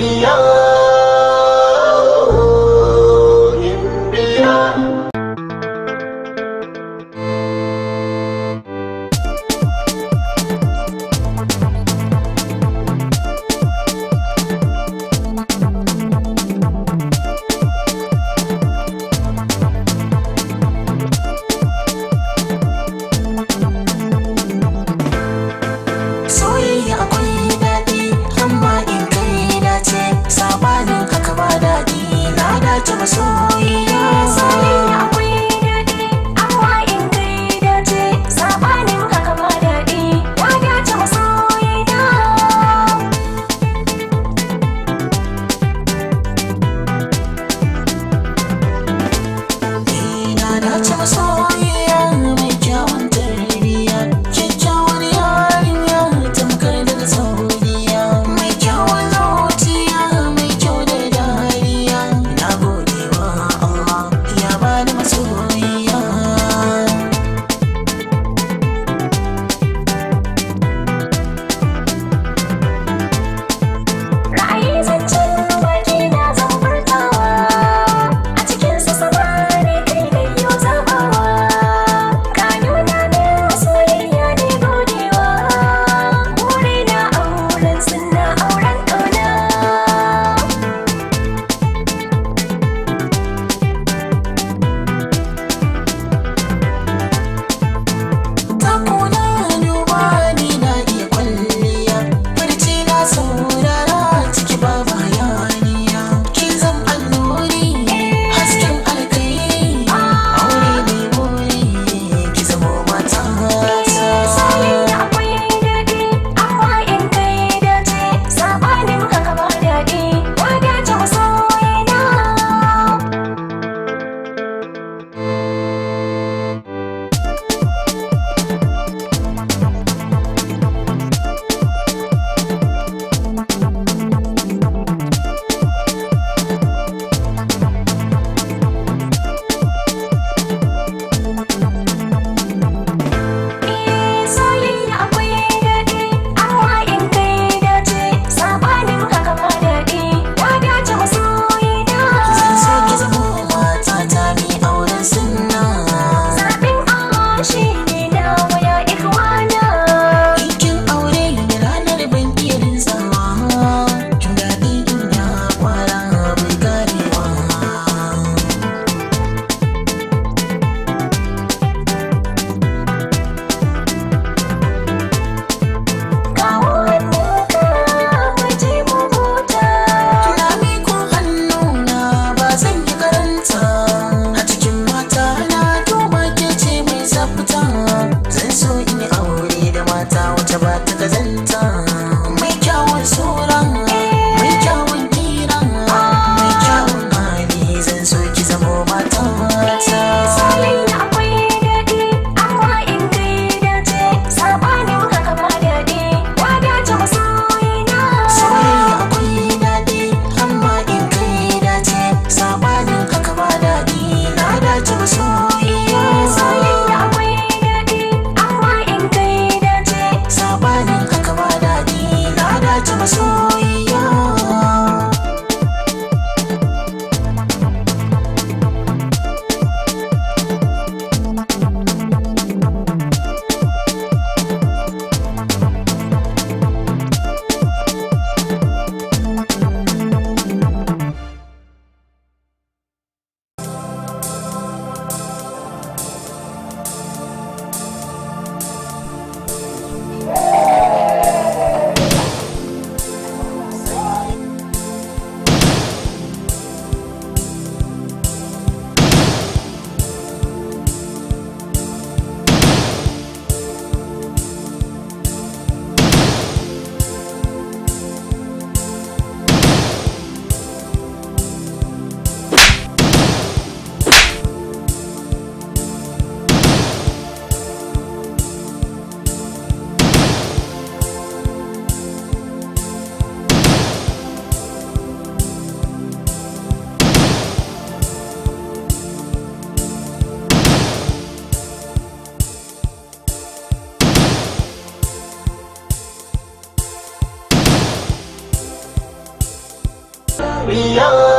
一样。yeah.